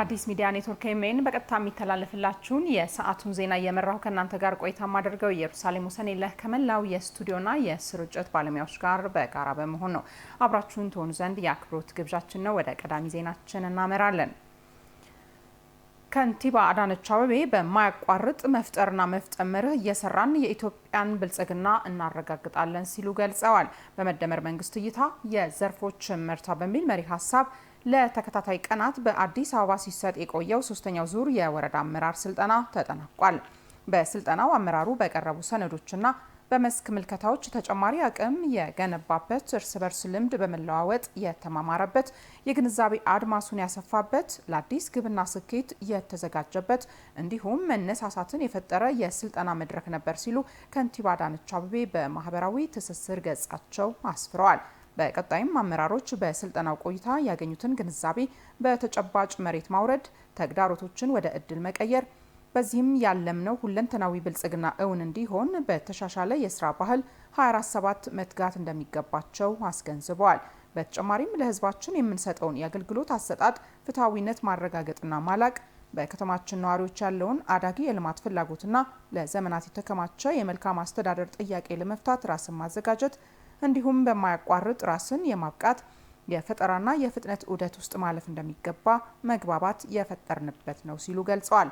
ከአዲስ ሚዲያ ኔትወርክ ኤምኤን በቀጥታ የሚተላለፍላችሁን የሰዓቱን ዜና እየመራሁ ከእናንተ ጋር ቆይታ ማደርገው ኢየሩሳሌም ወሰንየለህ ከመላው የስቱዲዮና የስርጭት ባለሙያዎች ጋር በጋራ በመሆን ነው። አብራችሁን ትሆኑ ዘንድ የአክብሮት ግብዣችን ነው። ወደ ቀዳሚ ዜናችን እናመራለን። ከንቲባ አዳነች አበቤ በማያቋርጥ መፍጠርና መፍጠን መርህ እየሰራን የኢትዮጵያን ብልጽግና እናረጋግጣለን ሲሉ ገልጸዋል። በመደመር መንግስት እይታ የዘርፎች መርታ በሚል መሪ ሀሳብ ለተከታታይ ቀናት በአዲስ አበባ ሲሰጥ የቆየው ሶስተኛው ዙር የወረዳ አመራር ስልጠና ተጠናቋል። በስልጠናው አመራሩ በቀረቡ ሰነዶችና በመስክ ምልከታዎች ተጨማሪ አቅም የገነባበት፣ እርስ በርስ ልምድ በመለዋወጥ የተማማረበት፣ የግንዛቤ አድማሱን ያሰፋበት፣ ለአዲስ ግብና ስኬት የተዘጋጀበት እንዲሁም መነሳሳትን የፈጠረ የስልጠና መድረክ ነበር ሲሉ ከንቲባ አዳነች አቤቤ በማህበራዊ ትስስር ገጻቸው አስፍረዋል። በቀጣይም አመራሮች በስልጠናው ቆይታ ያገኙትን ግንዛቤ በተጨባጭ መሬት ማውረድ፣ ተግዳሮቶችን ወደ እድል መቀየር፣ በዚህም ያለምነው ሁለንተናዊ ብልጽግና እውን እንዲሆን በተሻሻለ የስራ ባህል 247 መትጋት እንደሚገባቸው አስገንዝበዋል። በተጨማሪም ለህዝባችን የምንሰጠውን የአገልግሎት አሰጣጥ ፍትሐዊነት ማረጋገጥና ማላቅ በከተማችን ነዋሪዎች ያለውን አዳጊ የልማት ፍላጎትና ለዘመናት የተከማቸ የመልካም አስተዳደር ጥያቄ ለመፍታት ራስን ማዘጋጀት እንዲሁም በማያቋርጥ ራስን የማብቃት የፈጠራና የፍጥነት ዑደት ውስጥ ማለፍ እንደሚገባ መግባባት የፈጠርንበት ነው ሲሉ ገልጸዋል።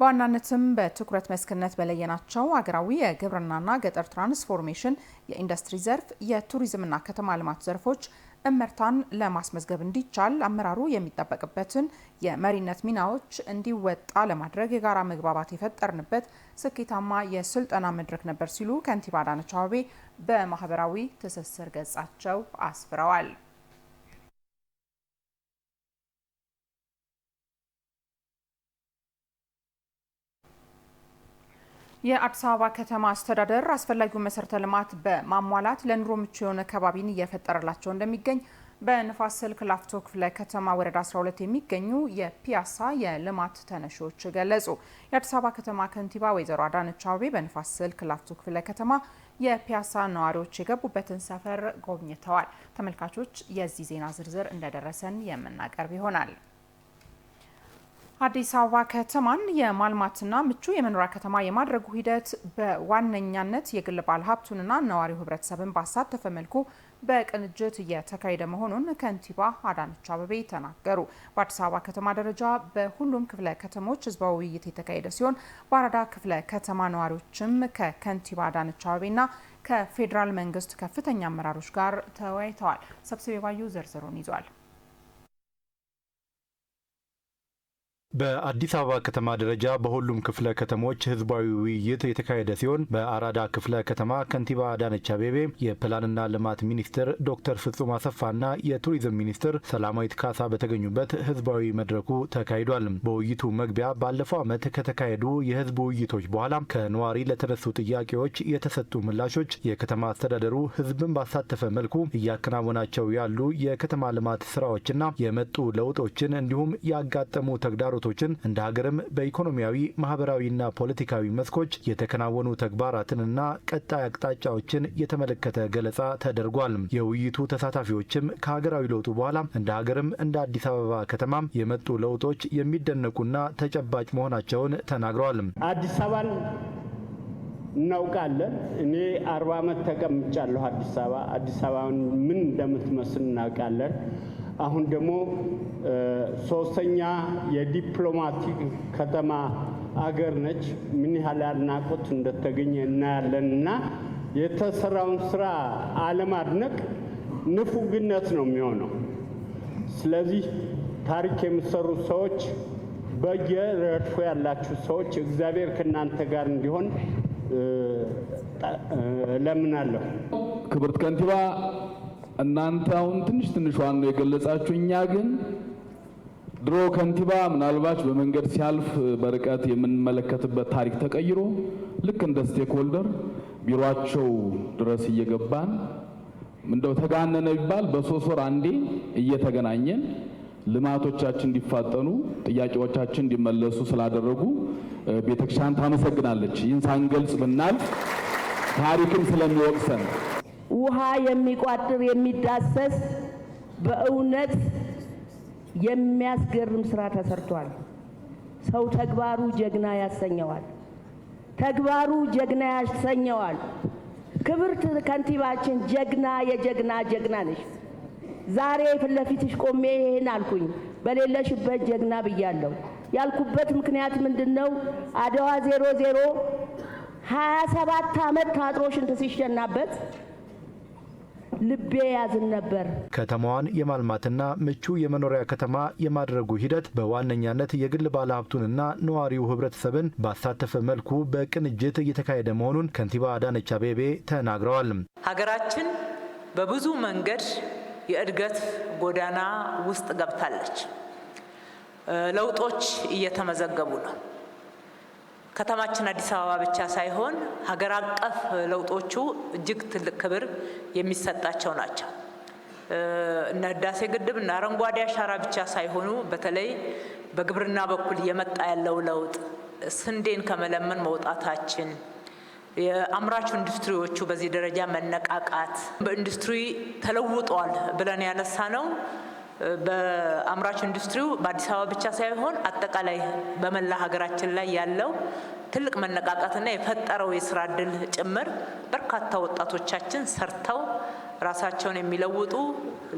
በዋናነትም በትኩረት መስክነት በለየናቸው አገራዊ የግብርናና ገጠር ትራንስፎርሜሽን፣ የኢንዱስትሪ ዘርፍ፣ የቱሪዝምና ከተማ ልማት ዘርፎች እመርታን ለማስመዝገብ እንዲቻል አመራሩ የሚጠበቅበትን የመሪነት ሚናዎች እንዲወጣ ለማድረግ የጋራ መግባባት የፈጠርንበት ስኬታማ የስልጠና መድረክ ነበር ሲሉ ከንቲባ አዳነች አቤቤ በማህበራዊ ትስስር ገጻቸው አስፍረዋል። የአዲስ አበባ ከተማ አስተዳደር አስፈላጊውን መሰረተ ልማት በማሟላት ለኑሮ ምቹ የሆነ ከባቢን እየፈጠረላቸው እንደሚገኝ በንፋስ ስልክ ላፍቶ ክፍለ ከተማ ወረዳ 12 የሚገኙ የፒያሳ የልማት ተነሺዎች ገለጹ። የአዲስ አበባ ከተማ ከንቲባ ወይዘሮ አዳነች አቤቤ በንፋስ ስልክ ላፍቶ ክፍለ ከተማ የፒያሳ ነዋሪዎች የገቡበትን ሰፈር ጎብኝተዋል። ተመልካቾች፣ የዚህ ዜና ዝርዝር እንደደረሰን የምናቀርብ ይሆናል። አዲስ አበባ ከተማን የማልማትና ምቹ የመኖሪያ ከተማ የማድረጉ ሂደት በዋነኛነት የግል ባለ ሀብቱንና ነዋሪው ህብረተሰብን ባሳተፈ መልኩ በቅንጅት እየተካሄደ መሆኑን ከንቲባ አዳነች አበቤ ተናገሩ። በአዲስ አበባ ከተማ ደረጃ በሁሉም ክፍለ ከተሞች ህዝባዊ ውይይት የተካሄደ ሲሆን በአራዳ ክፍለ ከተማ ነዋሪዎችም ከከንቲባ አዳነች አበቤና ከፌዴራል መንግስት ከፍተኛ አመራሮች ጋር ተወያይተዋል። ሰብስቤ ባዩ ዝርዝሩን ይዟል። በአዲስ አበባ ከተማ ደረጃ በሁሉም ክፍለ ከተሞች ህዝባዊ ውይይት የተካሄደ ሲሆን በአራዳ ክፍለ ከተማ ከንቲባ አዳነች አቤቤ፣ የፕላንና ልማት ሚኒስትር ዶክተር ፍጹም አሰፋና የቱሪዝም ሚኒስትር ሰላማዊት ካሳ በተገኙበት ህዝባዊ መድረኩ ተካሂዷል። በውይይቱ መግቢያ ባለፈው ዓመት ከተካሄዱ የህዝብ ውይይቶች በኋላ ከነዋሪ ለተነሱ ጥያቄዎች የተሰጡ ምላሾች፣ የከተማ አስተዳደሩ ህዝብን ባሳተፈ መልኩ እያከናወናቸው ያሉ የከተማ ልማት ስራዎችና የመጡ ለውጦችን እንዲሁም ያጋጠሙ ተግዳሮ ተግዳሮቶችን እንደ ሀገርም በኢኮኖሚያዊ ማህበራዊና ፖለቲካዊ መስኮች የተከናወኑ ተግባራትንና ቀጣይ አቅጣጫዎችን የተመለከተ ገለጻ ተደርጓል። የውይይቱ ተሳታፊዎችም ከሀገራዊ ለውጡ በኋላ እንደ ሀገርም እንደ አዲስ አበባ ከተማም የመጡ ለውጦች የሚደነቁና ተጨባጭ መሆናቸውን ተናግረዋል። አዲስ አበባን እናውቃለን። እኔ አርባ ዓመት ተቀምጫለሁ አዲስ አበባ። አዲስ አበባን ምን እንደምትመስል እናውቃለን። አሁን ደግሞ ሶስተኛ የዲፕሎማቲክ ከተማ አገር ነች። ምን ያህል አድናቆት እንደተገኘ እናያለን እና የተሰራውን ስራ አለማድነቅ ንፉግነት ነው የሚሆነው። ስለዚህ ታሪክ የምትሰሩ ሰዎች በየረድፎ ያላችሁ ሰዎች እግዚአብሔር ከእናንተ ጋር እንዲሆን እለምናለሁ። ክብርት ከንቲባ እናንተ አሁን ትንሽ ትንሿን ነው የገለጻችሁ። እኛ ግን ድሮ ከንቲባ ምናልባች በመንገድ ሲያልፍ በርቀት የምንመለከትበት ታሪክ ተቀይሮ ልክ እንደ ሆልደር ቢሮቸው ድረስ እየገባን እንደው ተጋነነ ቢባል በሶስት ወር አንዴ እየተገናኘን ልማቶቻችን እንዲፋጠኑ፣ ጥያቄዎቻችን እንዲመለሱ ስላደረጉ ቤተክርስቲያን ታመሰግናለች። ይህን ሳንገልጽ ብናልፍ ታሪክን ስለሚወቅሰን ውሃ የሚቋጥር የሚዳሰስ በእውነት የሚያስገርም ስራ ተሰርቷል። ሰው ተግባሩ ጀግና ያሰኘዋል። ተግባሩ ጀግና ያሰኘዋል። ክብርት ከንቲባችን ጀግና የጀግና ጀግና ነሽ። ዛሬ ፊት ለፊትሽ ቆሜ ይሄን አልኩኝ፣ በሌለሽበት ጀግና ብያለሁ። ያልኩበት ምክንያት ምንድን ነው? አድዋ ዜሮ ዜሮ ሀያ ሰባት አመት ታጥሮሽ እንትን ሲሸናበት ልቤ ያዝን ነበር። ከተማዋን የማልማትና ምቹ የመኖሪያ ከተማ የማድረጉ ሂደት በዋነኛነት የግል ባለሀብቱንና ነዋሪው ህብረተሰብን ባሳተፈ መልኩ በቅንጅት እየተካሄደ መሆኑን ከንቲባ አዳነች አቤቤ ተናግረዋል። ሀገራችን በብዙ መንገድ የእድገት ጎዳና ውስጥ ገብታለች። ለውጦች እየተመዘገቡ ነው። ከተማችን አዲስ አበባ ብቻ ሳይሆን ሀገር አቀፍ ለውጦቹ እጅግ ትልቅ ክብር የሚሰጣቸው ናቸው። እነ ህዳሴ ግድብ እና አረንጓዴ አሻራ ብቻ ሳይሆኑ በተለይ በግብርና በኩል እየመጣ ያለው ለውጥ ስንዴን ከመለመን መውጣታችን፣ የአምራቹ ኢንዱስትሪዎቹ በዚህ ደረጃ መነቃቃት፣ በኢንዱስትሪ ተለውጧል ብለን ያነሳ ነው በአምራች ኢንዱስትሪው በአዲስ አበባ ብቻ ሳይሆን አጠቃላይ በመላ ሀገራችን ላይ ያለው ትልቅ መነቃቃትና የፈጠረው የስራ እድል ጭምር በርካታ ወጣቶቻችን ሰርተው ራሳቸውን የሚለውጡ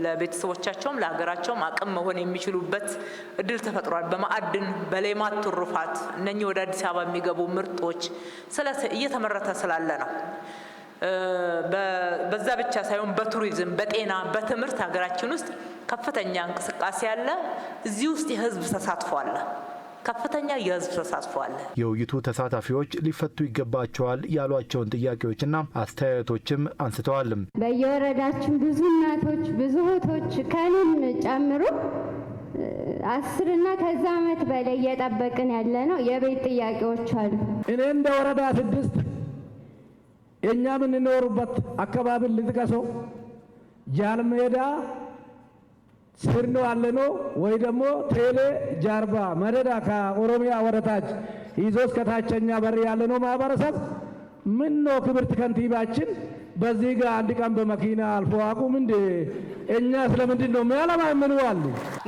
ለቤተሰቦቻቸውም ለሀገራቸውም አቅም መሆን የሚችሉበት እድል ተፈጥሯል። በማዕድን በሌማት ትሩፋት እነኚህ ወደ አዲስ አበባ የሚገቡ ምርቶች እየተመረተ ስላለ ነው። በዛ ብቻ ሳይሆን በቱሪዝም፣ በጤና፣ በትምህርት ሀገራችን ውስጥ ከፍተኛ እንቅስቃሴ አለ። እዚህ ውስጥ የህዝብ ተሳትፎ አለ ከፍተኛ የህዝብ ተሳትፎ አለ። የውይይቱ ተሳታፊዎች ሊፈቱ ይገባቸዋል ያሏቸውን ጥያቄዎችና አስተያየቶችም አንስተዋል። በየወረዳችን ብዙ እናቶች፣ ብዙ እህቶች ከንም ጨምሮ አስርና ከዛ ዓመት በላይ እየጠበቅን ያለ ነው። የቤት ጥያቄዎች አሉ። እኔ እንደ ወረዳ ስድስት የእኛ የምንኖሩበት አካባቢን ልጥቀሰው ጃልሜዳ ስር ነው ያለነው ወይ ደግሞ ቴሌ ጃርባ መደዳ ከኦሮሚያ ወረታች ይዞ እስከ ታችኛ በር ያለነው ማህበረሰብ ምን ነው ክብርት ከንቲባችን በዚህ ጋር አንድ ቀን በመኪና አልፎ አቁም እንዴ? እኛ ስለምንድን ነው ሚያለማ የምኑ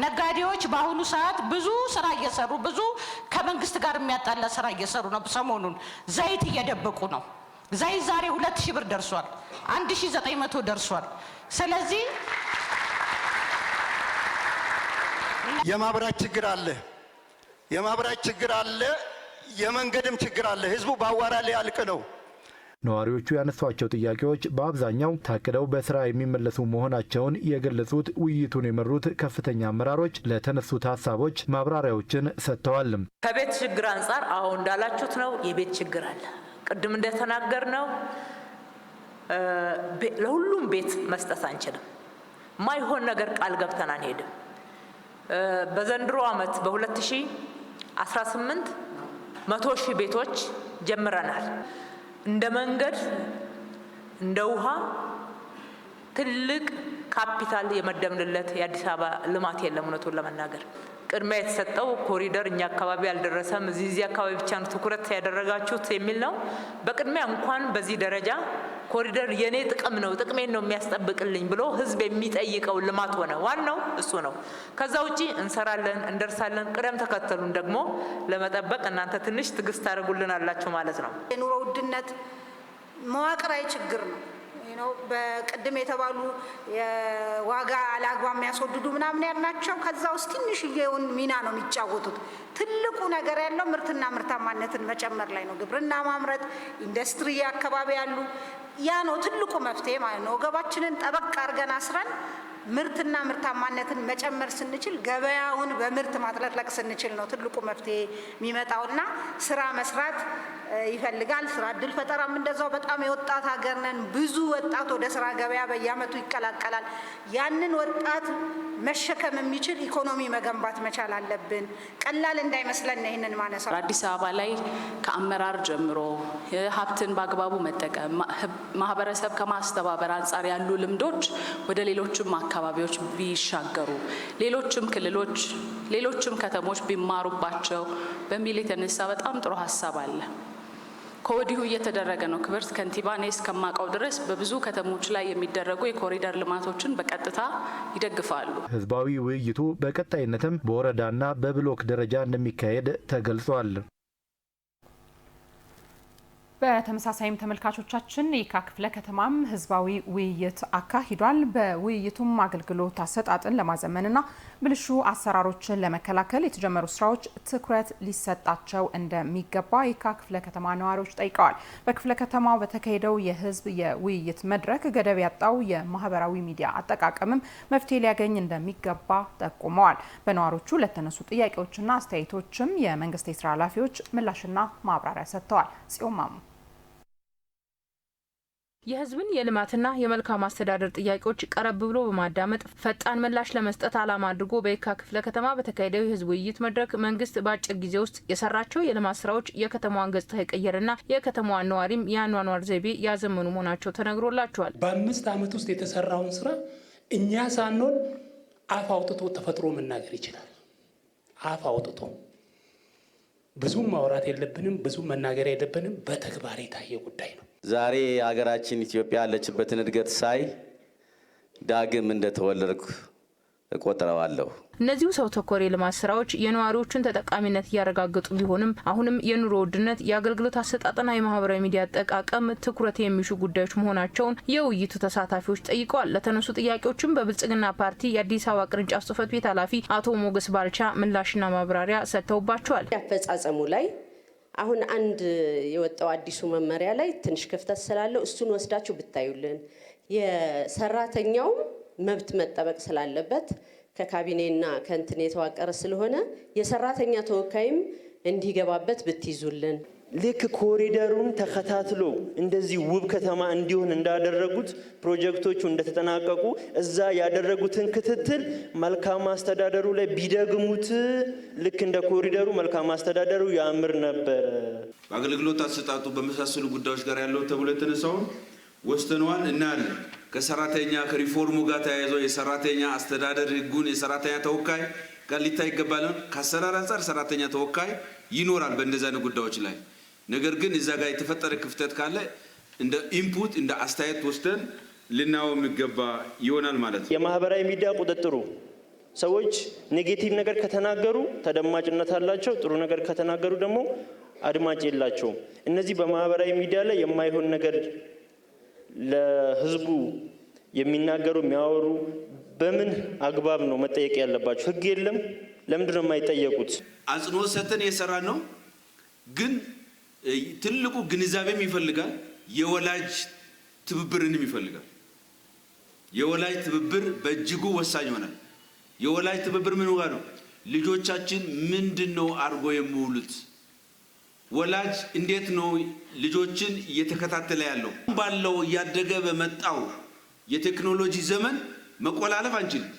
ነጋዴዎች በአሁኑ ሰዓት ብዙ ስራ እየሰሩ ብዙ ከመንግስት ጋር የሚያጣላ ስራ እየሰሩ ነው። ሰሞኑን ዘይት እየደበቁ ነው። ዘይት ዛሬ ሁለት ሺህ ብር ደርሷል። አንድ ሺህ ዘጠኝ መቶ ደርሷል። ስለዚህ የማብራት ችግር አለ፣ የማብራት ችግር አለ፣ የመንገድም ችግር አለ። ህዝቡ በአዋራ ሊያልቅ ነው። ነዋሪዎቹ ያነሷቸው ጥያቄዎች በአብዛኛው ታቅደው በስራ የሚመለሱ መሆናቸውን የገለጹት ውይይቱን የመሩት ከፍተኛ አመራሮች ለተነሱት ሀሳቦች ማብራሪያዎችን ሰጥተዋል። ከቤት ችግር አንጻር አሁን እንዳላችሁት ነው፣ የቤት ችግር አለ። ቅድም እንደተናገር ነው ለሁሉም ቤት መስጠት አንችልም። ማይሆን ነገር ቃል ገብተን አንሄድም። በዘንድሮ ዓመት በ2018 መቶ ሺህ ቤቶች ጀምረናል። እንደ መንገድ እንደ ውሃ ትልቅ ካፒታል የመደብንለት የአዲስ አበባ ልማት የለም እውነቱን ለመናገር ቅድሚያ የተሰጠው ኮሪደር እኛ አካባቢ አልደረሰም፣ እዚህ እዚህ አካባቢ ብቻ ነው ትኩረት ያደረጋችሁት የሚል ነው። በቅድሚያ እንኳን በዚህ ደረጃ ኮሪደር የኔ ጥቅም ነው ጥቅሜን ነው የሚያስጠብቅልኝ ብሎ ህዝብ የሚጠይቀው ልማት ሆነ። ዋናው እሱ ነው። ከዛ ውጪ እንሰራለን፣ እንደርሳለን። ቅደም ተከተሉን ደግሞ ለመጠበቅ እናንተ ትንሽ ትዕግስት አላችሁ ማለት ነው። የኑሮ ውድነት መዋቅራዊ ችግር ነው ነው በቅድም የተባሉ ዋጋ አላግባብ የሚያስወድዱ ምናምን ያልናቸው ከዛ ውስጥ ትንሽዬውን ሚና ነው የሚጫወቱት። ትልቁ ነገር ያለው ምርትና ምርታማነትን መጨመር ላይ ነው። ግብርና ማምረት፣ ኢንዱስትሪ አካባቢ ያሉ ያ ነው ትልቁ መፍትሄ ማለት ነው። ወገባችንን ጠበቅ አድርገን አስረን ምርትና ምርታማነትን መጨመር ስንችል ገበያውን በምርት ማጥለቅለቅ ስንችል ነው ትልቁ መፍትሄ የሚመጣውና ስራ መስራት ይፈልጋል። ስራ እድል ፈጠራም እንደዛው በጣም የወጣት ሀገር ነን። ብዙ ወጣት ወደ ስራ ገበያ በየአመቱ ይቀላቀላል። ያንን ወጣት መሸከም የሚችል ኢኮኖሚ መገንባት መቻል አለብን። ቀላል እንዳይመስለን ይህንን ማነሳ አዲስ አበባ ላይ ከአመራር ጀምሮ ሀብትን በአግባቡ መጠቀም ማህበረሰብ ከማስተባበር አንጻር ያሉ ልምዶች ወደ ሌሎችም አካባቢዎች ቢሻገሩ፣ ሌሎችም ክልሎች፣ ሌሎችም ከተሞች ቢማሩባቸው በሚል የተነሳ በጣም ጥሩ ሀሳብ አለ። ከወዲሁ እየተደረገ ነው። ክብርት ከንቲባ እኔ እስከማውቀው ድረስ በብዙ ከተሞች ላይ የሚደረጉ የኮሪደር ልማቶችን በቀጥታ ይደግፋሉ። ህዝባዊ ውይይቱ በቀጣይነትም በወረዳና በብሎክ ደረጃ እንደሚካሄድ ተገልጿል። በተመሳሳይም ተመልካቾቻችን የካ ክፍለ ከተማም ህዝባዊ ውይይት አካሂዷል። በውይይቱም አገልግሎት አሰጣጥን ለማዘመንና ብልሹ አሰራሮችን ለመከላከል የተጀመሩ ስራዎች ትኩረት ሊሰጣቸው እንደሚገባ የካ ክፍለ ከተማ ነዋሪዎች ጠይቀዋል። በክፍለ ከተማው በተካሄደው የህዝብ የውይይት መድረክ ገደብ ያጣው የማህበራዊ ሚዲያ አጠቃቀምም መፍትሄ ሊያገኝ እንደሚገባ ጠቁመዋል። በነዋሪዎቹ ለተነሱ ጥያቄዎችና አስተያየቶችም የመንግስት የስራ ኃላፊዎች ምላሽና ማብራሪያ ሰጥተዋል። ጽዮን ማሙ የህዝብን የልማትና የመልካም አስተዳደር ጥያቄዎች ቀረብ ብሎ በማዳመጥ ፈጣን ምላሽ ለመስጠት ዓላማ አድርጎ በየካ ክፍለ ከተማ በተካሄደው የህዝብ ውይይት መድረክ መንግስት በአጭር ጊዜ ውስጥ የሰራቸው የልማት ስራዎች የከተማዋን ገጽታ የቀየረና የከተማዋን ነዋሪም የአኗኗር ዘይቤ ያዘመኑ መሆናቸው ተነግሮላቸዋል። በአምስት ዓመት ውስጥ የተሰራውን ስራ እኛ ሳንሆን አፍ አውጥቶ ተፈጥሮ መናገር ይችላል። አፍ አውጥቶ ብዙ ማውራት የለብንም፣ ብዙ መናገር የለብንም። በተግባር የታየ ጉዳይ ነው። ዛሬ ሀገራችን ኢትዮጵያ ያለችበትን እድገት ሳይ ዳግም እንደተወለድኩ እቆጥረዋለሁ። እነዚሁ ሰው ተኮር የልማት ስራዎች የነዋሪዎችን ተጠቃሚነት እያረጋገጡ ቢሆንም አሁንም የኑሮ ውድነት፣ የአገልግሎት አሰጣጥና የማህበራዊ ሚዲያ አጠቃቀም ትኩረት የሚሹ ጉዳዮች መሆናቸውን የውይይቱ ተሳታፊዎች ጠይቀዋል። ለተነሱ ጥያቄዎችም በብልጽግና ፓርቲ የአዲስ አበባ ቅርንጫፍ ጽህፈት ቤት ኃላፊ አቶ ሞገስ ባልቻ ምላሽና ማብራሪያ ሰጥተውባቸዋል። አፈጻጸሙ ላይ አሁን አንድ የወጣው አዲሱ መመሪያ ላይ ትንሽ ክፍተት ስላለው እሱን ወስዳችሁ ብታዩልን የሰራተኛውም መብት መጠበቅ ስላለበት ከካቢኔና ከእንትን የተዋቀረ ስለሆነ የሰራተኛ ተወካይም እንዲገባበት ብትይዙልን። ልክ ኮሪደሩን ተከታትሎ እንደዚህ ውብ ከተማ እንዲሆን እንዳደረጉት ፕሮጀክቶቹ እንደተጠናቀቁ እዛ ያደረጉትን ክትትል መልካም አስተዳደሩ ላይ ቢደግሙት ልክ እንደ ኮሪደሩ መልካም አስተዳደሩ ያምር ነበር። አገልግሎት አሰጣጡ በመሳሰሉ ጉዳዮች ጋር ያለው ተብሎ የተነሳውን ወስነዋል እናያለን። ከሰራተኛ ከሪፎርሙ ጋር ተያይዞ የሰራተኛ አስተዳደር ህጉን የሰራተኛ ተወካይ ጋር ሊታይ ይገባል። ከአሰራር አንጻር ሰራተኛ ተወካይ ይኖራል በእንደዚህ አይነት ጉዳዮች ላይ። ነገር ግን እዛ ጋር የተፈጠረ ክፍተት ካለ እንደ ኢንፑት እንደ አስተያየት ወስደን ልናየው የሚገባ ይሆናል ማለት ነው። የማህበራዊ ሚዲያ ቁጥጥሩ ሰዎች ኔጌቲቭ ነገር ከተናገሩ ተደማጭነት አላቸው፣ ጥሩ ነገር ከተናገሩ ደግሞ አድማጭ የላቸውም። እነዚህ በማህበራዊ ሚዲያ ላይ የማይሆን ነገር ለህዝቡ የሚናገሩ የሚያወሩ በምን አግባብ ነው መጠየቅ ያለባቸው? ህግ የለም? ለምንድን ነው የማይጠየቁት? አጽንኦት ሰተን የሰራ ነው። ግን ትልቁ ግንዛቤም ይፈልጋል፣ የወላጅ ትብብርንም ይፈልጋል። የወላጅ ትብብር በእጅጉ ወሳኝ ይሆናል። የወላጅ ትብብር ምን ጋር ነው? ልጆቻችን ምንድን ነው አድርጎ የሚውሉት? ወላጅ እንዴት ነው ልጆችን እየተከታተለ ያለው? ባለው እያደገ በመጣው የቴክኖሎጂ ዘመን መቆላለፍ አንችልም።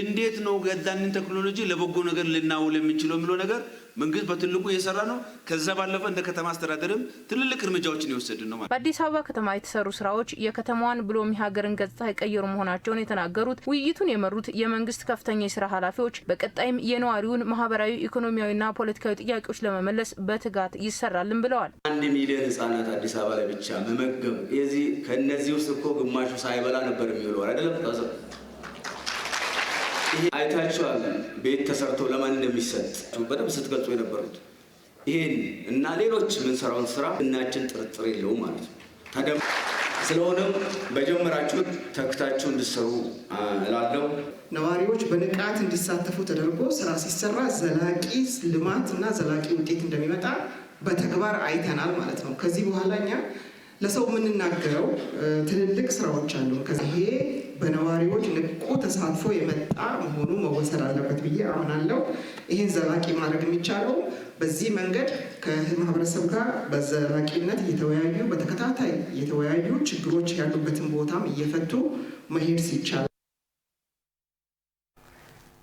እንዴት ነው ገዛንን ቴክኖሎጂ ለበጎ ነገር ልናውል የምንችለው የሚለው ነገር መንግስት በትልቁ እየሰራ ነው። ከዛ ባለፈ እንደ ከተማ አስተዳደርም ትልልቅ እርምጃዎችን የወሰድን ነው ማለት። በአዲስ አበባ ከተማ የተሰሩ ስራዎች የከተማዋን ብሎም የሀገርን ገጽታ የቀየሩ መሆናቸውን የተናገሩት ውይይቱን የመሩት የመንግስት ከፍተኛ የስራ ኃላፊዎች በቀጣይም የነዋሪውን ማህበራዊ፣ ኢኮኖሚያዊና ፖለቲካዊ ጥያቄዎች ለመመለስ በትጋት ይሰራልን ብለዋል። አንድ ሚሊዮን ህጻናት አዲስ አበባ ላይ ብቻ መመገብ የዚህ ከእነዚህ ውስጥ እኮ ግማሹ ሳይበላ ነበር የሚውለው አይደለም ይሄ አይታችኋል። ቤት ተሰርቶ ለማን እንደሚሰጥ በደንብ ስትገልጹ የነበሩት ይህን እና ሌሎች የምንሰራውን ስራ እናችን ጥርጥር የለውም ማለት ነው። ታዲያ ስለሆነም በጀመራችሁት ተክታችሁ እንድሰሩ እላለሁ። ነዋሪዎች በንቃት እንዲሳተፉ ተደርጎ ስራ ሲሰራ ዘላቂ ልማት እና ዘላቂ ውጤት እንደሚመጣ በተግባር አይተናል ማለት ነው። ከዚህ በኋላ እኛ ለሰው የምንናገረው ትልልቅ ስራዎች አሉ። ይሄ በነዋሪዎች ንቁ ተሳትፎ የመጣ መሆኑ መወሰድ አለበት ብዬ አምናለሁ። ይህን ዘላቂ ማድረግ የሚቻለው በዚህ መንገድ ከማህበረሰብ ጋር በዘላቂነት እየተወያዩ በተከታታይ እየተወያዩ ችግሮች ያሉበትን ቦታም እየፈቱ መሄድ ሲቻል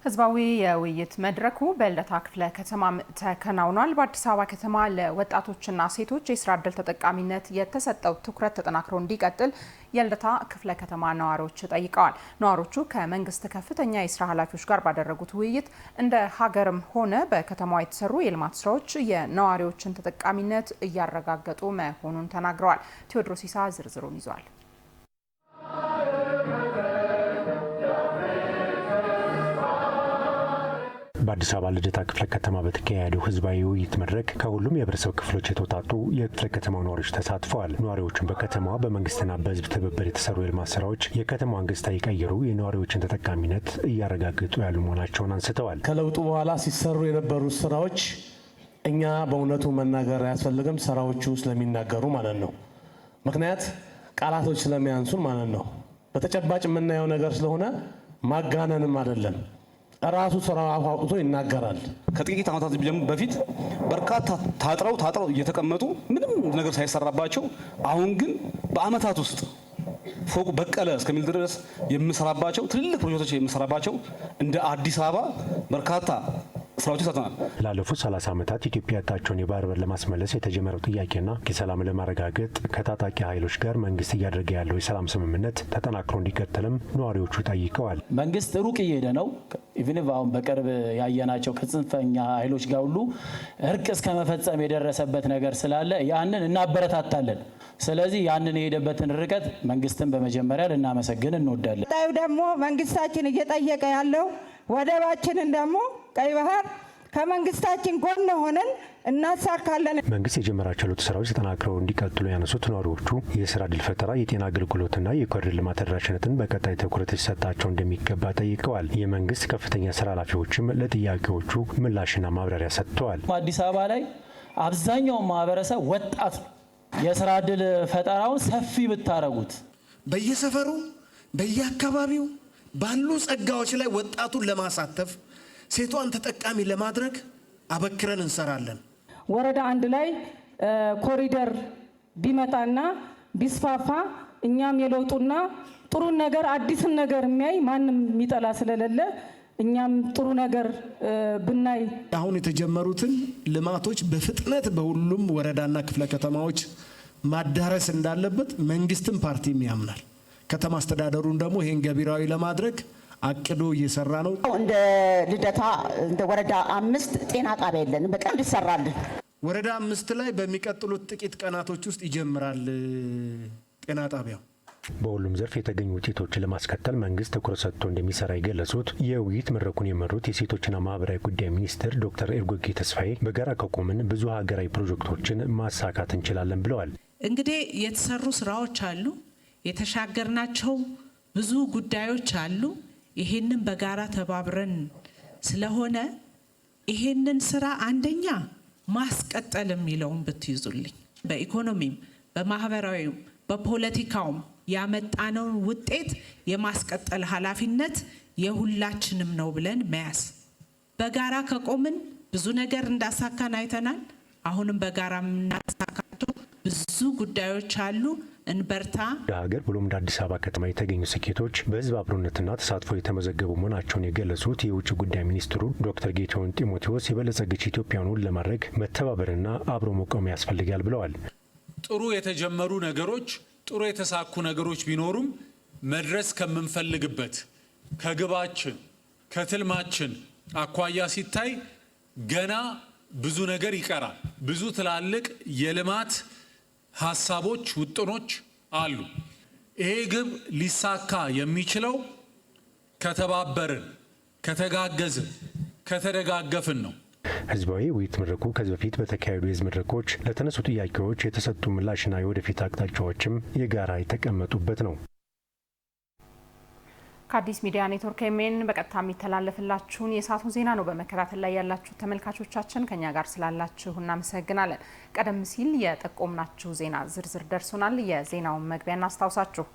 ህዝባዊ የውይይት መድረኩ በልደታ ክፍለ ከተማ ተከናውኗል። በአዲስ አበባ ከተማ ለወጣቶችና ሴቶች የስራ እድል ተጠቃሚነት የተሰጠው ትኩረት ተጠናክሮ እንዲቀጥል የልደታ ክፍለ ከተማ ነዋሪዎች ጠይቀዋል። ነዋሪዎቹ ከመንግስት ከፍተኛ የስራ ኃላፊዎች ጋር ባደረጉት ውይይት እንደ ሀገርም ሆነ በከተማዋ የተሰሩ የልማት ስራዎች የነዋሪዎችን ተጠቃሚነት እያረጋገጡ መሆኑን ተናግረዋል። ቴዎድሮስ ይሳ ዝርዝሩን ይዟል። በአዲስ አበባ ልደታ ክፍለ ከተማ በተካሄደው ህዝባዊ ውይይት መድረክ ከሁሉም የህብረተሰብ ክፍሎች የተውጣጡ የክፍለ ከተማው ነዋሪዎች ተሳትፈዋል። ነዋሪዎቹም በከተማዋ በመንግስትና በህዝብ ትብብር የተሰሩ የልማት ስራዎች የከተማዋን ገጽታ የቀየሩ፣ የነዋሪዎችን ተጠቃሚነት እያረጋገጡ ያሉ መሆናቸውን አንስተዋል። ከለውጡ በኋላ ሲሰሩ የነበሩ ስራዎች እኛ በእውነቱ መናገር አያስፈልግም፣ ስራዎቹ ስለሚናገሩ ማለት ነው። ምክንያት ቃላቶች ስለሚያንሱን ማለት ነው። በተጨባጭ የምናየው ነገር ስለሆነ ማጋነንም አይደለም። ራሱ ስራ አውጥቶ ይናገራል። ከጥቂት ዓመታት በፊት በርካታ ታጥረው ታጥረው እየተቀመጡ ምንም ነገር ሳይሰራባቸው አሁን ግን በአመታት ውስጥ ፎቁ በቀለ እስከሚል ድረስ የምሰራባቸው ትልልቅ ፕሮጀክቶች የምሰራባቸው እንደ አዲስ አበባ በርካታ ስራዎችን ሰርተናል። ላለፉት 30 ዓመታት ኢትዮጵያ ያጣቸውን የባህር በር ለማስመለስ የተጀመረው ጥያቄና የሰላም ለማረጋገጥ ከታጣቂ ኃይሎች ጋር መንግስት እያደረገ ያለው የሰላም ስምምነት ተጠናክሮ እንዲቀጥልም ነዋሪዎቹ ጠይቀዋል። መንግስት ሩቅ እየሄደ ነው። ኢቭን አሁን በቅርብ ያየናቸው ከጽንፈኛ ኃይሎች ጋር ሁሉ እርቅ እስከ መፈጸም የደረሰበት ነገር ስላለ ያንን እናበረታታለን። ስለዚህ ያንን የሄደበትን ርቀት መንግስትን በመጀመሪያ ልናመሰግን እንወዳለን። ደግሞ መንግስታችን እየጠየቀ ያለው ወደባችንን ደግሞ ቀይ ባህር ከመንግስታችን ጎን ሆነን እናሳካለን። መንግስት የጀመራቸው ለውጥ ስራዎች ተጠናክረው እንዲቀጥሉ ያነሱት ነዋሪዎቹ የስራ ድል ፈጠራ፣ የጤና አገልግሎትና የኮሪደር ልማት ተደራሽነትን በቀጣይ ትኩረት ሊሰጣቸው እንደሚገባ ጠይቀዋል። የመንግስት ከፍተኛ ስራ ኃላፊዎችም ለጥያቄዎቹ ምላሽና ማብራሪያ ሰጥተዋል። አዲስ አበባ ላይ አብዛኛው ማህበረሰብ ወጣት ነው። የስራ ድል ፈጠራውን ሰፊ ብታረጉት በየሰፈሩ በየአካባቢው ባሉ ጸጋዎች ላይ ወጣቱን ለማሳተፍ ሴቷን ተጠቃሚ ለማድረግ አበክረን እንሰራለን። ወረዳ አንድ ላይ ኮሪደር ቢመጣና ቢስፋፋ እኛም የለውጡና ጥሩን ነገር አዲስን ነገር የሚያይ ማንም የሚጠላ ስለሌለ እኛም ጥሩ ነገር ብናይ አሁን የተጀመሩትን ልማቶች በፍጥነት በሁሉም ወረዳና ክፍለ ከተማዎች ማዳረስ እንዳለበት መንግስትም ፓርቲም ያምናል። ከተማ አስተዳደሩን ደግሞ ይህን ገቢራዊ ለማድረግ አቅዶ እየሰራ ነው። እንደ ልደታ እንደ ወረዳ አምስት ጤና ጣቢያ የለንም። በቀን ይሰራልን። ወረዳ አምስት ላይ በሚቀጥሉት ጥቂት ቀናቶች ውስጥ ይጀምራል ጤና ጣቢያው። በሁሉም ዘርፍ የተገኙ ውጤቶችን ለማስከተል መንግስት ትኩረት ሰጥቶ እንደሚሰራ የገለጹት የውይይት መድረኩን የመሩት የሴቶችና ማህበራዊ ጉዳይ ሚኒስትር ዶክተር ኤርጎጌ ተስፋዬ በጋራ ከቆምን ብዙ ሀገራዊ ፕሮጀክቶችን ማሳካት እንችላለን ብለዋል። እንግዲህ የተሰሩ ስራዎች አሉ፣ የተሻገርናቸው ብዙ ጉዳዮች አሉ። ይሄንን በጋራ ተባብረን ስለሆነ ይሄንን ስራ አንደኛ ማስቀጠል የሚለውን ብትይዙልኝ በኢኮኖሚም በማህበራዊም በፖለቲካውም ያመጣነውን ውጤት የማስቀጠል ኃላፊነት የሁላችንም ነው ብለን መያዝ በጋራ ከቆምን ብዙ ነገር እንዳሳካን አይተናል። አሁንም በጋራ የምናሳካቸው ብዙ ጉዳዮች አሉ። እንበርታ እንደ ሀገር ብሎም እንደ አዲስ አበባ ከተማ የተገኙ ስኬቶች በህዝብ አብሮነትና ተሳትፎ የተመዘገቡ መሆናቸውን የገለጹት የውጭ ጉዳይ ሚኒስትሩ ዶክተር ጌዲዮን ጢሞቴዎስ የበለጸገች ኢትዮጵያን ለማድረግ መተባበርና አብሮ መቆም ያስፈልጋል ብለዋል። ጥሩ የተጀመሩ ነገሮች፣ ጥሩ የተሳኩ ነገሮች ቢኖሩም መድረስ ከምንፈልግበት ከግባችን ከትልማችን አኳያ ሲታይ ገና ብዙ ነገር ይቀራል። ብዙ ትላልቅ የልማት ሀሳቦች፣ ውጥኖች አሉ። ይሄ ግብ ሊሳካ የሚችለው ከተባበርን፣ ከተጋገዝን፣ ከተደጋገፍን ነው። ህዝባዊ ውይይት መድረኩ ከዚህ በፊት በተካሄዱ የህዝብ መድረኮች ለተነሱ ጥያቄዎች የተሰጡ ምላሽና የወደፊት አቅጣጫዎችም የጋራ የተቀመጡበት ነው። ከአዲስ ሚዲያ ኔትወርክ ኤሜን በቀጥታ የሚተላለፍላችሁን የሰዓቱን ዜና ነው በመከታተል ላይ ያላችሁ ተመልካቾቻችን፣ ከኛ ጋር ስላላችሁ እናመሰግናለን። ቀደም ሲል የጠቆምናችሁ ዜና ዝርዝር ደርሶናል። የዜናውን መግቢያ እናስታውሳችሁ።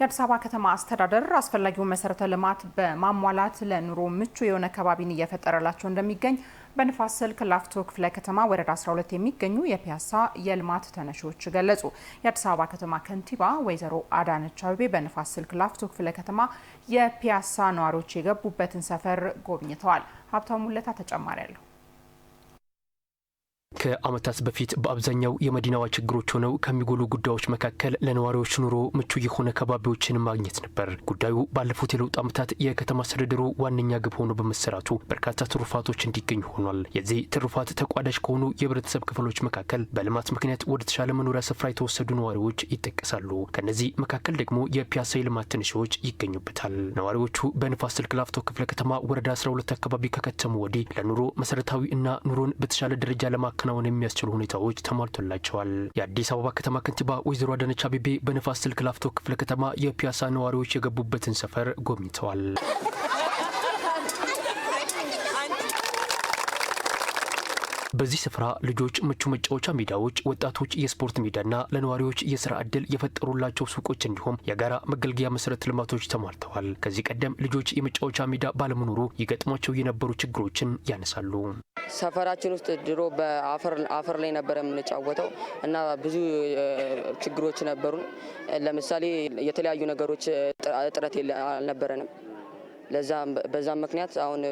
የአዲስ አበባ ከተማ አስተዳደር አስፈላጊውን መሰረተ ልማት በማሟላት ለኑሮ ምቹ የሆነ ከባቢን እየፈጠረላቸው እንደሚገኝ በንፋስ ስልክ ላፍቶ ክፍለ ከተማ ወረዳ 12 የሚገኙ የፒያሳ የልማት ተነሺዎች ገለጹ። የአዲስ አበባ ከተማ ከንቲባ ወይዘሮ አዳነች አቤቤ በንፋስ ስልክ ላፍቶ ክፍለ ከተማ የፒያሳ ነዋሪዎች የገቡበትን ሰፈር ጎብኝተዋል። ሀብታሙ ለታ ተጨማሪ አለው። ከዓመታት በፊት በአብዛኛው የመዲናዋ ችግሮች ሆነው ከሚጎሉ ጉዳዮች መካከል ለነዋሪዎች ኑሮ ምቹ የሆነ ከባቢዎችን ማግኘት ነበር። ጉዳዩ ባለፉት የለውጥ ዓመታት የከተማ አስተዳደሩ ዋነኛ ግብ ሆኖ በመሰራቱ በርካታ ትሩፋቶች እንዲገኙ ሆኗል። የዚህ ትሩፋት ተቋዳሽ ከሆኑ የህብረተሰብ ክፍሎች መካከል በልማት ምክንያት ወደ ተሻለ መኖሪያ ስፍራ የተወሰዱ ነዋሪዎች ይጠቀሳሉ። ከእነዚህ መካከል ደግሞ የፒያሳ የልማት ትንሾች ይገኙበታል። ነዋሪዎቹ በንፋስ ስልክ ላፍቶ ክፍለ ከተማ ወረዳ 12 አካባቢ ከከተሙ ወዲህ ለኑሮ መሰረታዊ እና ኑሮን በተሻለ ደረጃ ለማ ለማከናወን የሚያስችሉ ሁኔታዎች ተሟልቶላቸዋል። የአዲስ አበባ ከተማ ከንቲባ ወይዘሮ አዳነች አቤቤ በንፋስ ስልክ ላፍቶ ክፍለ ከተማ የፒያሳ ነዋሪዎች የገቡበትን ሰፈር ጎብኝተዋል። በዚህ ስፍራ ልጆች ምቹ መጫወቻ ሜዳዎች፣ ወጣቶች የስፖርት ሜዳና ለነዋሪዎች የስራ እድል የፈጠሩላቸው ሱቆች እንዲሁም የጋራ መገልገያ መሰረተ ልማቶች ተሟልተዋል። ከዚህ ቀደም ልጆች የመጫወቻ ሜዳ ባለመኖሩ ይገጥሟቸው የነበሩ ችግሮችን ያነሳሉ። ሰፈራችን ውስጥ ድሮ በአፈር ላይ ነበረ የምንጫወተው እና ብዙ ችግሮች ነበሩን። ለምሳሌ የተለያዩ ነገሮች እጥረት አልነበረንም። በዛም ምክንያት አሁን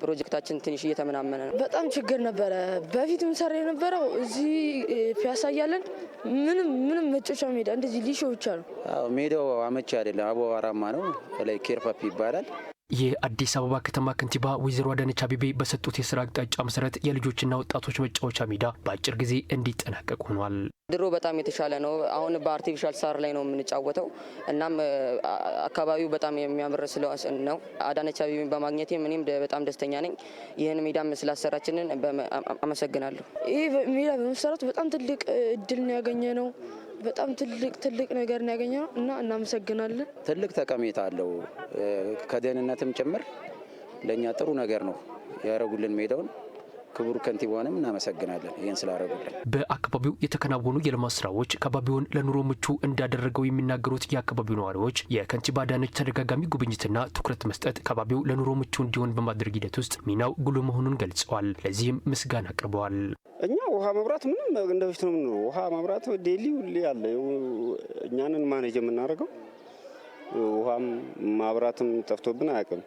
ፕሮጀክታችን ትንሽ እየተመናመነ ነው። በጣም ችግር ነበረ። በፊት ምንሰራ የነበረው እዚህ ፒያሳ እያለን ምንም ምንም መጫወቻ ሜዳ እንደዚህ ሊሾ ብቻ ነው። ሜዳው አመቺ አይደለም፣ አቧራማ ነው። ከላይ ኬርፓፕ ይባላል። የአዲስ አበባ ከተማ ከንቲባ ወይዘሮ አዳነች አቤቤ በሰጡት የስራ አቅጣጫ መሰረት የልጆችና ወጣቶች መጫወቻ ሜዳ በአጭር ጊዜ እንዲጠናቀቅ ሆኗል። ድሮ በጣም የተሻለ ነው። አሁን በአርቲፊሻል ሳር ላይ ነው የምንጫወተው። እናም አካባቢው በጣም የሚያምር ነው። አዳነች አቤቤን በማግኘቴ እኔም በጣም ደስተኛ ነኝ። ይህን ሜዳ ስላሰራችንን አመሰግናለሁ። ይህ ሜዳ በመሰራቱ በጣም ትልቅ እድል ያገኘ ነው። በጣም ትልቅ ትልቅ ነገር ያገኘ ነው እና እናመሰግናለን። ትልቅ ጠቀሜታ አለው ከደህንነትም ጭምር ለእኛ ጥሩ ነገር ነው ያደረጉልን ሜዳውን ክቡር ከንቲባንም እናመሰግናለን ይህን ስላደረጉልን። በአካባቢው የተከናወኑ የልማት ስራዎች ከባቢውን ለኑሮ ምቹ እንዳደረገው የሚናገሩት የአካባቢው ነዋሪዎች የከንቲባ አዳነች ተደጋጋሚ ጉብኝትና ትኩረት መስጠት ከባቢው ለኑሮ ምቹ እንዲሆን በማድረግ ሂደት ውስጥ ሚናው ጉልህ መሆኑን ገልጸዋል። ለዚህም ምስጋና አቅርበዋል። እኛ ውሃ መብራት ምንም እንደፊት ነው የምንኖረው። ውሃ መብራት ዴሊ ሁሌ አለ። እኛንን ማኔጅ የምናደርገው ውሃም ማብራትም ጠፍቶብን አያውቅም።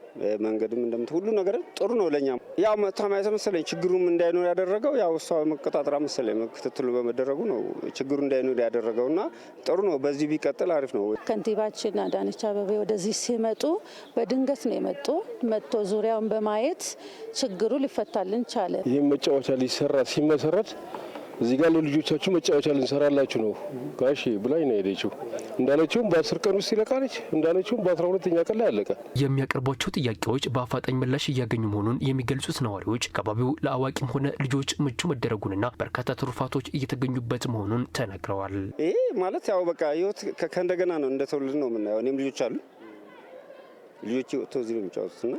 መንገድም እንደምት ሁሉ ነገር ጥሩ ነው። ለእኛም ያው መታማየት መሰለኝ ችግሩም እንዳይኖር ያደረገው ያው እሷ መቀጣጥራ መሰለኝ ክትትሉ በመደረጉ ነው ችግሩ እንዳይኖር ያደረገው እና ጥሩ ነው። በዚህ ቢቀጥል አሪፍ ነው። ከንቲባችን አዳነች አበቤ ወደዚህ ሲመጡ በድንገት ነው የመጡ። መጥቶ ዙሪያውን በማየት ችግሩ ሊፈታልን ቻለ። ይህ መጫወቻ ሊሰራ ሲመሰረት እዚህ ጋር ለልጆቻችሁ መጫወቻ ልንሰራላችሁ ነው ጋሽ ብላኝ ነው ሄደችው። እንዳለችውም በአስር ቀን ውስጥ ይለቃለች፣ እንዳለችውም በአስራ ሁለተኛ ቀን ላይ አለቀ። የሚያቀርቧቸው ጥያቄዎች በአፋጣኝ ምላሽ እያገኙ መሆኑን የሚገልጹት ነዋሪዎች ከባቢው ለአዋቂም ሆነ ልጆች ምቹ መደረጉንና በርካታ ትሩፋቶች እየተገኙበት መሆኑን ተናግረዋል። ይህ ማለት ያው በቃ ህይወት ከእንደገና ነው እንደተወለድ ነው የምናየው። እኔም ልጆች አሉ ልጆች ወጥተው እዚህ ነው የሚጫወቱትና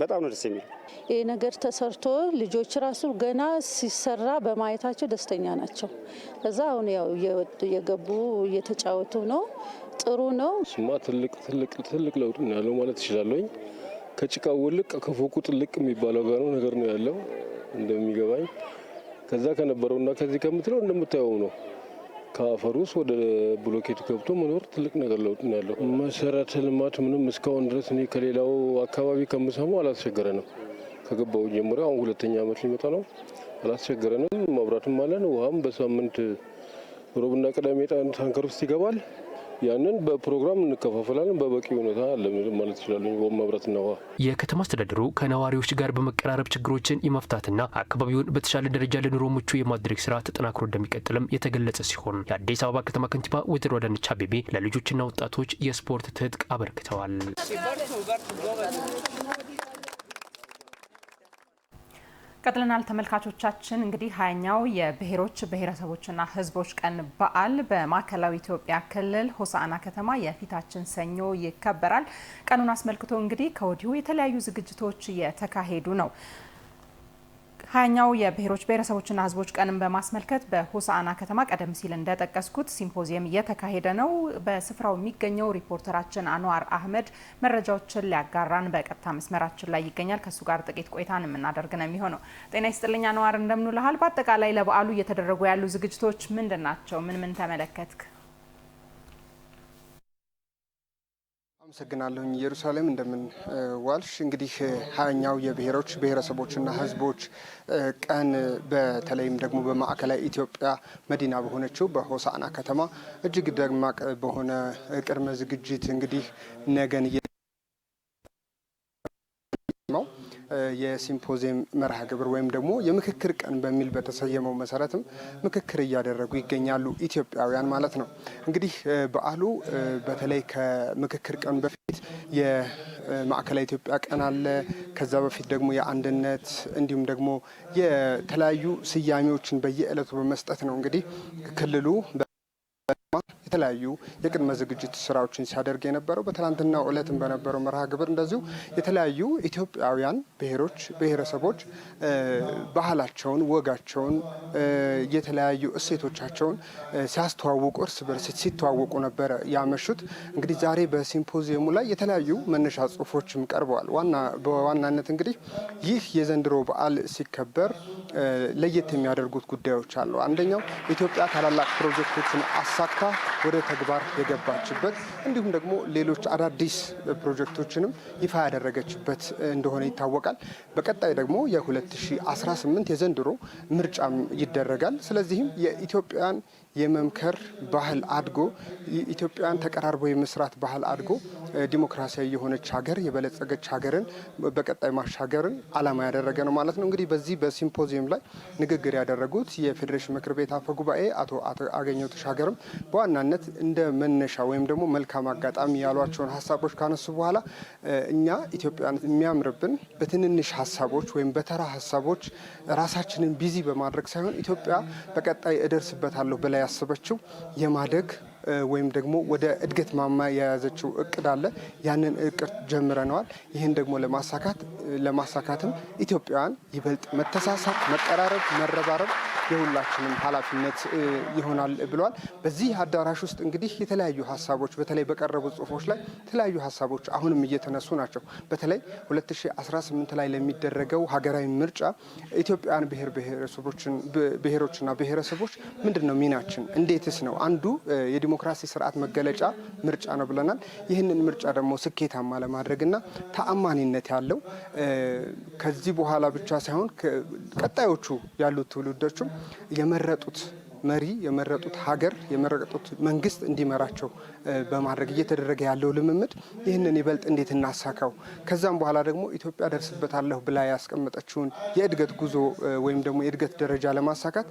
በጣም ነው ደስ የሚል። ይህ ነገር ተሰርቶ ልጆች ራሱ ገና ሲሰራ በማየታቸው ደስተኛ ናቸው። እዛ አሁን ያው እየገቡ እየተጫወቱ ነው። ጥሩ ነው። ስማ ትልቅ ትልቅ ትልቅ ለውጥ ነው ያለው ማለት ይችላለኝ። ከጭቃው ውልቅ ከፎቁ ጥልቅ የሚባለው ጋር ነው ነገር ነው ያለው እንደሚገባኝ ከዛ ከነበረውና ከዚህ ከምትለው እንደምታየው ነው። ከአፈር ውስጥ ወደ ብሎኬት ገብቶ መኖር ትልቅ ነገር ለውጥ ነው ያለው። መሰረተ ልማት ምንም እስካሁን ድረስ እኔ ከሌላው አካባቢ ከምሰማው አላስቸገረንም። ከገባው ጀምሮ አሁን ሁለተኛ ዓመት ሊመጣ ነው። አላስቸገረንም። መብራትም አለን። ውሃም በሳምንት ሮብና ቅዳሜ ታንከር ውስጥ ይገባል። ያንን በፕሮግራም እንከፋፈላለን። በበቂ ሁኔታ ለምድ ማለት ይችላሉ። መብራትና ውሃ የከተማ አስተዳደሩ ከነዋሪዎች ጋር በመቀራረብ ችግሮችን የመፍታትና አካባቢውን በተሻለ ደረጃ ለኑሮ ምቹ የማድረግ ስራ ተጠናክሮ እንደሚቀጥልም የተገለጸ ሲሆን የአዲስ አበባ ከተማ ከንቲባ ወይዘሮ አዳነች አቤቤ ለልጆችና ወጣቶች የስፖርት ትጥቅ አበርክተዋል። ቀጥለናል ተመልካቾቻችን። እንግዲህ ሀያኛው የብሔሮች ብሔረሰቦችና ህዝቦች ቀን በዓል በማዕከላዊ ኢትዮጵያ ክልል ሆሳዕና ከተማ የፊታችን ሰኞ ይከበራል። ቀኑን አስመልክቶ እንግዲህ ከወዲሁ የተለያዩ ዝግጅቶች እየተካሄዱ ነው። ሀያኛው የብሔሮች ብሔረሰቦችና ህዝቦች ቀንን በማስመልከት በሆሳአና ከተማ ቀደም ሲል እንደጠቀስኩት ሲምፖዚየም እየተካሄደ ነው። በስፍራው የሚገኘው ሪፖርተራችን አንዋር አህመድ መረጃዎችን ሊያጋራን በቀጥታ መስመራችን ላይ ይገኛል። ከእሱ ጋር ጥቂት ቆይታን የምናደርግ ነው የሚሆነው። ጤና ይስጥልኝ አንዋር፣ እንደምንልሃል። በአጠቃላይ ለበዓሉ እየተደረጉ ያሉ ዝግጅቶች ምንድን ናቸው? ምን ምን ተመለከትክ? አመሰግናለሁኝ ኢየሩሳሌም እንደምን ዋልሽ። እንግዲህ ሀያኛው የብሔሮች ብሔረሰቦችና ህዝቦች ቀን በተለይም ደግሞ በማዕከላዊ ኢትዮጵያ መዲና በሆነችው በሆሳና ከተማ እጅግ ደማቅ በሆነ ቅድመ ዝግጅት እንግዲህ ነገን የሲምፖዚየም መርሃ ግብር ወይም ደግሞ የምክክር ቀን በሚል በተሰየመው መሰረትም ምክክር እያደረጉ ይገኛሉ ኢትዮጵያውያን ማለት ነው። እንግዲህ በዓሉ በተለይ ከምክክር ቀን በፊት የማዕከላዊ ኢትዮጵያ ቀን አለ። ከዛ በፊት ደግሞ የአንድነት እንዲሁም ደግሞ የተለያዩ ስያሜዎችን በየዕለቱ በመስጠት ነው እንግዲህ ክልሉ የተለያዩ የቅድመ ዝግጅት ስራዎችን ሲያደርግ የነበረው በትናንትናው ዕለትም በነበረው መርሃ ግብር እንደዚሁ የተለያዩ ኢትዮጵያውያን ብሔሮች፣ ብሔረሰቦች ባህላቸውን፣ ወጋቸውን፣ የተለያዩ እሴቶቻቸውን ሲያስተዋውቁ እርስ በርስ ሲተዋወቁ ነበረ ያመሹት። እንግዲህ ዛሬ በሲምፖዚየሙ ላይ የተለያዩ መነሻ ጽሁፎችም ቀርበዋል። ዋና በዋናነት እንግዲህ ይህ የዘንድሮ በዓል ሲከበር ለየት የሚያደርጉት ጉዳዮች አሉ። አንደኛው ኢትዮጵያ ታላላቅ ፕሮጀክቶችን አሳክታ ወደ ተግባር የገባችበት እንዲሁም ደግሞ ሌሎች አዳዲስ ፕሮጀክቶችንም ይፋ ያደረገችበት እንደሆነ ይታወቃል። በቀጣይ ደግሞ የ2018 የዘንድሮ ምርጫም ይደረጋል። ስለዚህም የኢትዮጵያን የመምከር ባህል አድጎ ኢትዮጵያን ተቀራርቦ የመስራት ባህል አድጎ ዲሞክራሲያዊ የሆነች ሀገር የበለጸገች ሀገርን በቀጣይ ማሻገርን ዓላማ ያደረገ ነው ማለት ነው። እንግዲህ በዚህ በሲምፖዚየም ላይ ንግግር ያደረጉት የፌዴሬሽን ምክር ቤት አፈ ጉባኤ አቶ አገኘው ተሻገርም በዋናነት እንደ መነሻ ወይም ደግሞ መልካም አጋጣሚ ያሏቸውን ሀሳቦች ካነሱ በኋላ እኛ ኢትዮጵያን የሚያምርብን በትንንሽ ሀሳቦች ወይም በተራ ሀሳቦች ራሳችንን ቢዚ በማድረግ ሳይሆን ኢትዮጵያ በቀጣይ እደርስበታለሁ ብላ ያሰበችው የማደግ ወይም ደግሞ ወደ እድገት ማማ የያዘችው እቅድ አለ። ያንን እቅድ ጀምረነዋል። ይህን ደግሞ ለማሳካት ለማሳካትም ኢትዮጵያውያን ይበልጥ መተሳሳት፣ መቀራረብ፣ መረባረብ የሁላችንም ኃላፊነት ይሆናል ብለዋል። በዚህ አዳራሽ ውስጥ እንግዲህ የተለያዩ ሀሳቦች በተለይ በቀረቡ ጽሁፎች ላይ የተለያዩ ሀሳቦች አሁንም እየተነሱ ናቸው። በተለይ 2018 ላይ ለሚደረገው ሀገራዊ ምርጫ ኢትዮጵያውያን ብሔር ብሔሮችና ብሔረሰቦች ምንድን ነው ሚናችን? እንዴትስ ነው? አንዱ የዲሞክራሲ ስርዓት መገለጫ ምርጫ ነው ብለናል። ይህንን ምርጫ ደግሞ ስኬታማ ለማድረግና ተአማኒነት ያለው ከዚህ በኋላ ብቻ ሳይሆን ቀጣዮቹ ያሉት ትውልዶችም የመረጡት መሪ የመረጡት ሀገር የመረጡት መንግስት እንዲመራቸው በማድረግ እየተደረገ ያለው ልምምድ ይህንን ይበልጥ እንዴት እናሳካው፣ ከዛም በኋላ ደግሞ ኢትዮጵያ ደርስበታለሁ ብላ ያስቀመጠችውን የእድገት ጉዞ ወይም ደግሞ የእድገት ደረጃ ለማሳካት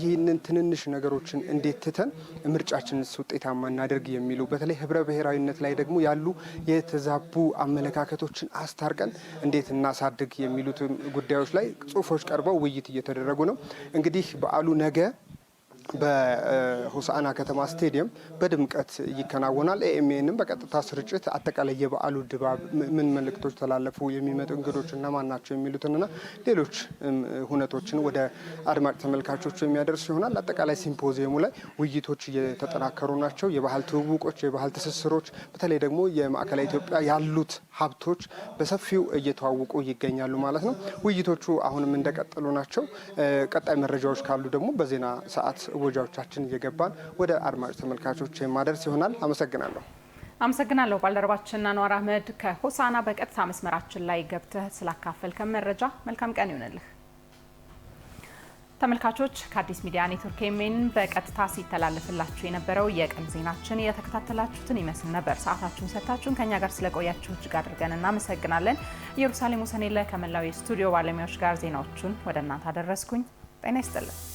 ይህንን ትንንሽ ነገሮችን እንዴት ትተን ምርጫችንስ ውጤታማ እናደርግ የሚሉ በተለይ ህብረ ብሔራዊነት ላይ ደግሞ ያሉ የተዛቡ አመለካከቶችን አስታርቀን እንዴት እናሳድግ የሚሉት ጉዳዮች ላይ ጽሁፎች ቀርበው ውይይት እየተደረጉ ነው። እንግዲህ በዓሉ ነገ በሆሳዕና ከተማ ስቴዲየም በድምቀት ይከናወናል። ኤኤምኤንም በቀጥታ ስርጭት አጠቃላይ የበዓሉ ድባብ ምን መልእክቶች ተላለፉ፣ የሚመጡ እንግዶች እነማን ናቸው የሚሉትንና ሌሎች ሁነቶችን ወደ አድማጭ ተመልካቾቹ የሚያደርስ ይሆናል። አጠቃላይ ሲምፖዚየሙ ላይ ውይይቶች እየተጠናከሩ ናቸው። የባህል ትውውቆች፣ የባህል ትስስሮች፣ በተለይ ደግሞ የማዕከላዊ ኢትዮጵያ ያሉት ሀብቶች በሰፊው እየተዋወቁ ይገኛሉ ማለት ነው። ውይይቶቹ አሁንም እንደቀጠሉ ናቸው። ቀጣይ መረጃዎች ካሉ ደግሞ በዜና ሰዓት እወጃዎቻችን እየገባን ወደ አድማጭ ተመልካቾች የማደርስ ይሆናል። አመሰግናለሁ። አመሰግናለሁ ባልደረባችን አንዋር አህመድ ከሆሳና በቀጥታ መስመራችን ላይ ገብተህ ስላካፈልከን መረጃ መልካም ቀን ይሆንልህ። ተመልካቾች ከአዲስ ሚዲያ ኔትወርክ ኤሜን በቀጥታ ሲተላለፍላችሁ የነበረው የቀን ዜናችን የተከታተላችሁትን ይመስል ነበር። ሰዓታችሁን ሰጥታችሁን ከእኛ ጋር ስለቆያችሁ እጅግ አድርገን እናመሰግናለን። ኢየሩሳሌም ወሰኔለ ከመላው የስቱዲዮ ባለሙያዎች ጋር ዜናዎቹን ወደ እናንተ አደረስኩኝ። ጤና ይስጥልን።